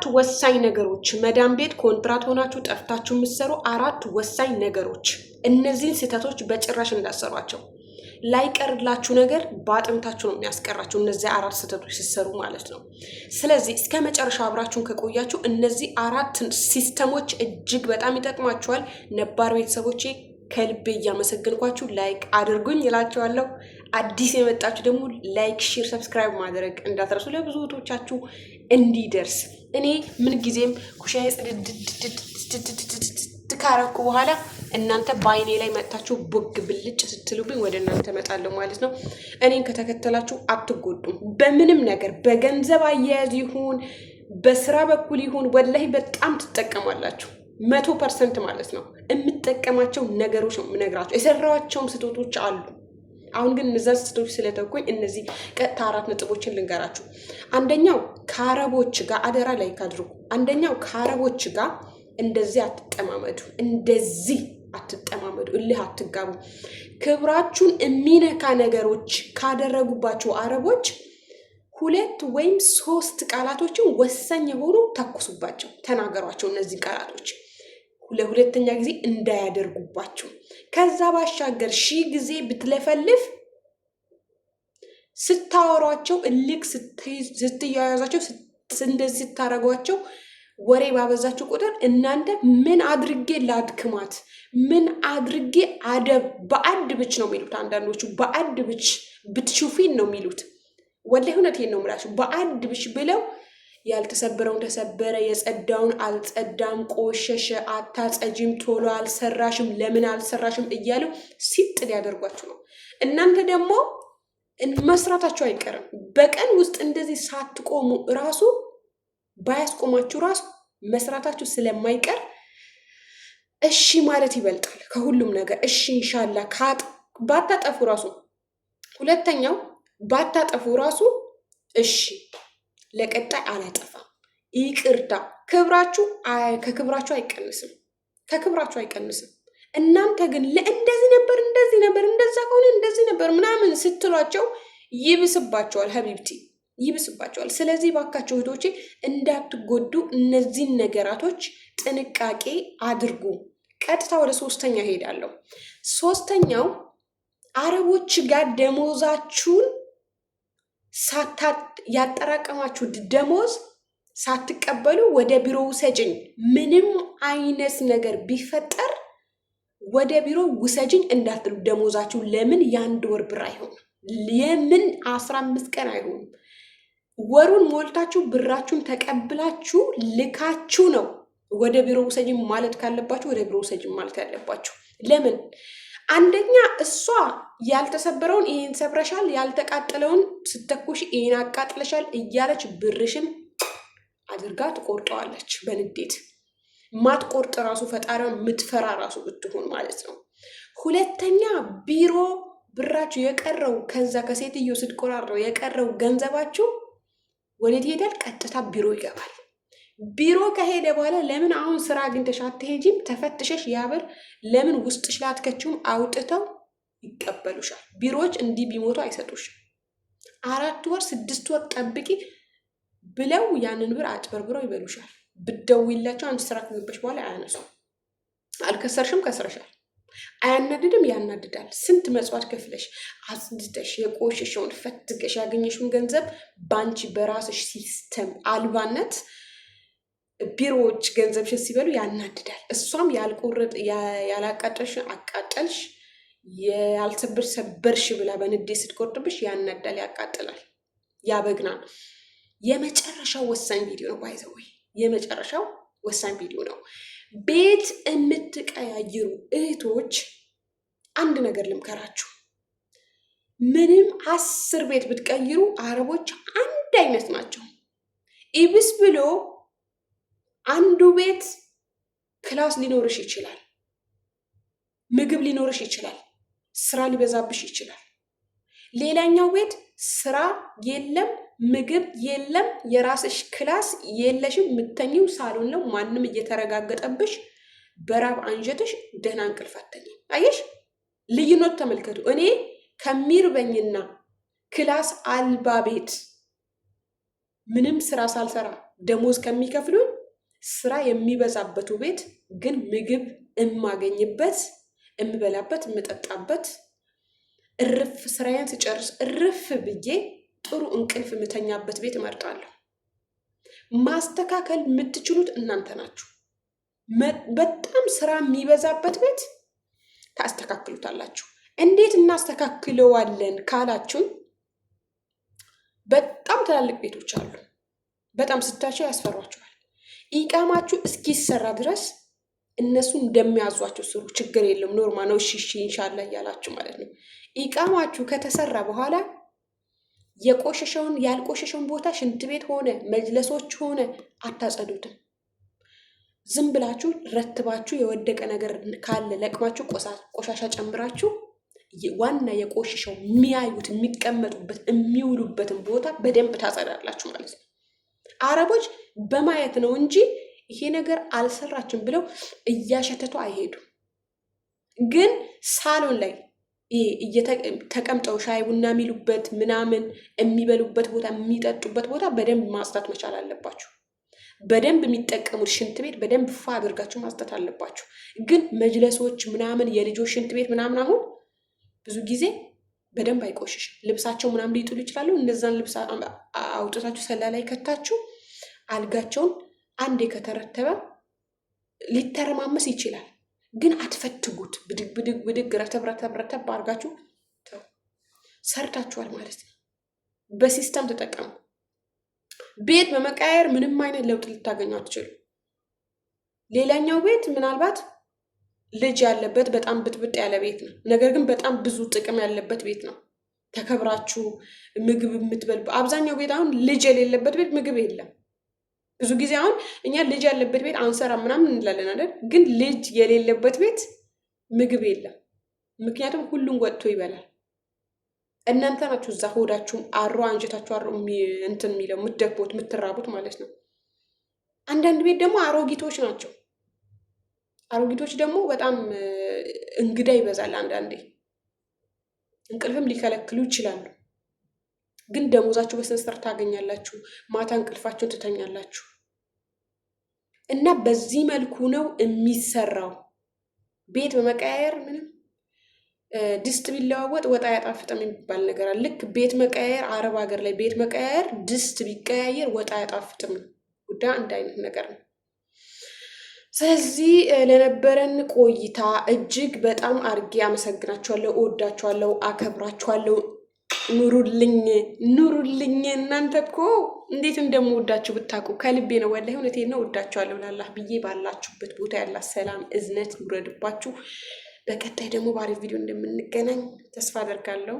አራት ወሳኝ ነገሮች መዳም ቤት ኮንትራት ሆናችሁ ጠፍታችሁ የምትሰሩ አራት ወሳኝ ነገሮች፣ እነዚህን ስህተቶች በጭራሽ እንዳሰሯቸው ላይቀርላችሁ ነገር በአጥምታችሁ ነው የሚያስቀራችሁ፣ እነዚህ አራት ስህተቶች ሲሰሩ ማለት ነው። ስለዚህ እስከ መጨረሻ አብራችሁን ከቆያችሁ እነዚህ አራት ሲስተሞች እጅግ በጣም ይጠቅማችኋል። ነባር ቤተሰቦቼ ከልቤ እያመሰገንኳችሁ ላይክ አድርጉኝ ይላችኋለሁ። አዲስ የመጣችሁ ደግሞ ላይክ፣ ሼር፣ ሰብስክራይብ ማድረግ እንዳትረሱ ለብዙ እህቶቻችሁ እንዲደርስ እኔ ምንጊዜም ኩሻዬ ጽድድድድድድድድድድ ካረኩ በኋላ እናንተ በአይኔ ላይ መጥታችሁ ቦግ ብልጭ ስትሉብኝ ወደ እናንተ እመጣለሁ ማለት ነው። እኔን ከተከተላችሁ አትጎዱም በምንም ነገር። በገንዘብ አያያዝ ይሁን በስራ በኩል ይሁን ወላሂ በጣም ትጠቀማላችሁ። መቶ ፐርሰንት ማለት ነው። የምጠቀማቸው ነገሮች ነው የምነግራቸው። የሰራኋቸውም ስህተቶች አሉ አሁን ግን እነዛ ስህተቶች ስለተኩኝ እነዚህ ቀጥታ አራት ነጥቦችን ልንገራችሁ። አንደኛው ከአረቦች ጋር አደራ ላይ ካድርጉ። አንደኛው ከአረቦች ጋር እንደዚህ አትጠማመዱ፣ እንደዚህ አትጠማመዱ፣ እልህ አትጋቡ። ክብራችሁን የሚነካ ነገሮች ካደረጉባቸው አረቦች ሁለት ወይም ሶስት ቃላቶችን ወሳኝ የሆኑ ተኩሱባቸው፣ ተናገሯቸው። እነዚህ ቃላቶች ለሁለተኛ ጊዜ እንዳያደርጉባቸው ከዛ ባሻገር ሺህ ጊዜ ብትለፈልፍ ስታወሯቸው እልክ ስትያያዟቸው እንደዚህ ስታረጓቸው ወሬ ባበዛችሁ ቁጥር እናንተ ምን አድርጌ ላድክማት፣ ምን አድርጌ አደብ በአድ ብች ነው የሚሉት አንዳንዶቹ። በአድ ብች ብትሹፊን ነው የሚሉት። ወላሂ እውነቴን ነው የምላችሁ። በአድ ብች ብለው ያልተሰበረውን ተሰበረ፣ የጸዳውን አልጸዳም፣ ቆሸሸ፣ አታጸጂም፣ ቶሎ አልሰራሽም፣ ለምን አልሰራሽም እያሉ ሲጥ ሊያደርጓችሁ ነው። እናንተ ደግሞ መስራታችሁ አይቀርም። በቀን ውስጥ እንደዚህ ሳትቆሙ ራሱ ባያስቆማችሁ ራሱ መስራታችሁ ስለማይቀር እሺ ማለት ይበልጣል ከሁሉም ነገር። እሺ እንሻላ ባታጠፉ ራሱ ሁለተኛው ባታጠፉ ራሱ እሺ ለቀጣይ አላጠፋም። ይቅርታ ክብራችሁ ከክብራችሁ አይቀንስም፣ ከክብራችሁ አይቀንስም። እናንተ ግን ለእንደዚህ ነበር እንደዚህ ነበር እንደዛ ከሆነ እንደዚህ ነበር ምናምን ስትሏቸው ይብስባቸዋል፣ ሀቢብቲ ይብስባቸዋል። ስለዚህ ባካቸው እህቶቼ እንዳትጎዱ እነዚህን ነገራቶች ጥንቃቄ አድርጉ። ቀጥታ ወደ ሶስተኛ ሄዳለሁ። ሶስተኛው አረቦች ጋር ደሞዛችሁን ያጠራቀማችሁ ደሞዝ ሳትቀበሉ ወደ ቢሮ ውሰጅኝ፣ ምንም አይነት ነገር ቢፈጠር ወደ ቢሮ ውሰጅኝ እንዳትሉ ደሞዛችሁ። ለምን የአንድ ወር ብር አይሆንም? የምን አስራ አምስት ቀን አይሆንም? ወሩን ሞልታችሁ ብራችሁን ተቀብላችሁ ልካችሁ ነው ወደ ቢሮ ውሰጅኝ ማለት ካለባችሁ ወደ ቢሮ ውሰጅኝ ማለት ያለባችሁ ለምን አንደኛ እሷ ያልተሰበረውን ይሄን ሰብረሻል፣ ያልተቃጠለውን ስተኩሽ ይሄን አቃጥለሻል እያለች ብርሽን አድርጋ ትቆርጠዋለች በንዴት ማትቆርጥ ራሱ ፈጣሪውን የምትፈራ ራሱ ብትሆን ማለት ነው። ሁለተኛ ቢሮ ብራችሁ የቀረው ከዛ ከሴትዮ ስትቆራረው የቀረው ገንዘባችሁ ወዴት ይሄዳል? ቀጥታ ቢሮ ይገባል። ቢሮ ከሄደ በኋላ ለምን አሁን ስራ አግኝተሽ አትሄጂም? ተፈትሸሽ ያብር ለምን ውስጥሽ ላትከችውም አውጥተው ይቀበሉሻል። ቢሮዎች እንዲህ ቢሞቱ አይሰጡሽም። አራት ወር ስድስት ወር ጠብቂ ብለው ያንን ብር አጭበርብረው ይበሉሻል። ብትደውይላቸው አንቺ ስራ ከገባሽ በኋላ አያነሱም። አልከሰርሽም፣ ከስረሻል። አያናድድም? ያናድዳል። ስንት መጽዋት ከፍለሽ አጽድተሽ የቆሸሸውን ፈትገሽ ያገኘሽውን ገንዘብ በአንቺ በራስሽ ሲስተም አልባነት ቢሮዎች ገንዘብሽን ሲበሉ ያናድዳል። እሷም ያልቆረጥ ያላቃጠልሽ አቃጠልሽ ያልሰበር ሰበርሽ ብላ በንዴ ስትቆርጥብሽ ያናዳል፣ ያቃጥላል፣ ያበግናል። የመጨረሻው ወሳኝ ቪዲዮ ነው። ባይዘወይ የመጨረሻው ወሳኝ ቪዲዮ ነው። ቤት የምትቀያይሩ እህቶች አንድ ነገር ልምከራችሁ። ምንም አስር ቤት ብትቀይሩ አረቦች አንድ አይነት ናቸው። ኢብስ ብሎ አንዱ ቤት ክላስ ሊኖርሽ ይችላል፣ ምግብ ሊኖርሽ ይችላል፣ ስራ ሊበዛብሽ ይችላል። ሌላኛው ቤት ስራ የለም፣ ምግብ የለም፣ የራስሽ ክላስ የለሽም፣ የምተኝው ሳሎን ነው፣ ማንም እየተረጋገጠብሽ በራብ አንጀትሽ ደህና እንቅልፍ አተኝም። አየሽ ልዩነት ተመልከቱ። እኔ ከሚርበኝና ክላስ አልባ ቤት ምንም ስራ ሳልሰራ ደሞዝ ከሚከፍሉኝ ስራ የሚበዛበቱ ቤት ግን ምግብ እማገኝበት እምበላበት እምጠጣበት እርፍ ስራዬን ስጨርስ እርፍ ብዬ ጥሩ እንቅልፍ የምተኛበት ቤት እመርጣለሁ። ማስተካከል የምትችሉት እናንተ ናችሁ። በጣም ስራ የሚበዛበት ቤት ታስተካክሉታላችሁ። እንዴት እናስተካክለዋለን ካላችሁን፣ በጣም ትላልቅ ቤቶች አሉ። በጣም ስታቸው ያስፈሯቸዋል። ኢቃማችሁ እስኪሰራ ድረስ እነሱ እንደሚያዟቸው ስሩ። ችግር የለም ኖርማ ነው። እሺ እሺ ኢንሻላ እያላችሁ ማለት ነው። ኢቃማችሁ ከተሰራ በኋላ የቆሸሸውን ያልቆሸሸውን ቦታ ሽንት ቤት ሆነ መጅለሶች ሆነ አታጸዱትም። ዝም ብላችሁ ረትባችሁ የወደቀ ነገር ካለ ለቅማችሁ ቆሻሻ ጨምራችሁ ዋና የቆሸሸው የሚያዩት የሚቀመጡበት የሚውሉበትን ቦታ በደንብ ታጸዳላችሁ ማለት ነው። አረቦች በማየት ነው እንጂ ይሄ ነገር አልሰራችም ብለው እያሸተቱ አይሄዱም። ግን ሳሎን ላይ ተቀምጠው ሻይ ቡና የሚሉበት ምናምን የሚበሉበት ቦታ የሚጠጡበት ቦታ በደንብ ማጽዳት መቻል አለባችሁ። በደንብ የሚጠቀሙት ሽንት ቤት በደንብ ፋ አድርጋችሁ ማጽዳት አለባችሁ። ግን መጅለሶች ምናምን የልጆች ሽንት ቤት ምናምን አሁን ብዙ ጊዜ በደንብ አይቆሽሽም። ልብሳቸው ምናምን ሊጥሉ ይችላሉ። እነዛን ልብስ አውጥታችሁ ሰላ ላይ ከታችሁ አልጋቸውን አንዴ ከተረተበ ሊተረማመስ ይችላል። ግን አትፈትጉት። ብድግ ብድግ ብድግ ረተብ ረተብ ረተብ አድርጋችሁ ሰርታችኋል ማለት ነው። በሲስተም ተጠቀሙ። ቤት በመቀያየር ምንም አይነት ለውጥ ልታገኙ አትችሉ። ሌላኛው ቤት ምናልባት ልጅ ያለበት በጣም ብጥብጥ ያለ ቤት ነው። ነገር ግን በጣም ብዙ ጥቅም ያለበት ቤት ነው። ተከብራችሁ ምግብ የምትበል አብዛኛው ቤት አሁን ልጅ የሌለበት ቤት ምግብ የለም። ብዙ ጊዜ አሁን እኛ ልጅ ያለበት ቤት አንሰራ ምናምን እንላለን አይደል? ግን ልጅ የሌለበት ቤት ምግብ የለም። ምክንያቱም ሁሉም ወጥቶ ይበላል። እናንተ ናችሁ እዛ ሆዳችሁም አሮ አንጀታችሁ አሮ እንትን የሚለው የምትደግቦት የምትራቡት ማለት ነው። አንዳንድ ቤት ደግሞ አሮጊቶች ናቸው። አሮጊቶች ደግሞ በጣም እንግዳ ይበዛል። አንዳንዴ እንቅልፍም ሊከለክሉ ይችላሉ። ግን ደሞዛችሁ በስንስር ታገኛላችሁ። ማታ እንቅልፋችሁን ትተኛላችሁ። እና በዚህ መልኩ ነው የሚሰራው። ቤት በመቀያየር ምንም ድስት ቢለዋወጥ ወጥ አያጣፍጥም የሚባል ነገር አለ። ልክ ቤት መቀያየር አረብ ሀገር ላይ ቤት መቀያየር ድስት ቢቀያየር ወጥ አያጣፍጥም ጉዳይ አንድ አይነት ነገር ነው። ስለዚህ ለነበረን ቆይታ እጅግ በጣም አድርጌ አመሰግናችኋለሁ። እወዳችኋለሁ፣ አከብራችኋለሁ። ኑሩልኝ ኑሩልኝ። እናንተ እኮ እንዴት እንደምወዳችሁ ብታውቁ። ከልቤ ነው ወላሂ፣ እውነቴን ነው። ወዳችኋለሁ ላላህ ብዬ ባላችሁበት ቦታ ያላ ሰላም እዝነት ይውረድባችሁ። በቀጣይ ደግሞ በአሪፍ ቪዲዮ እንደምንገናኝ ተስፋ አደርጋለሁ።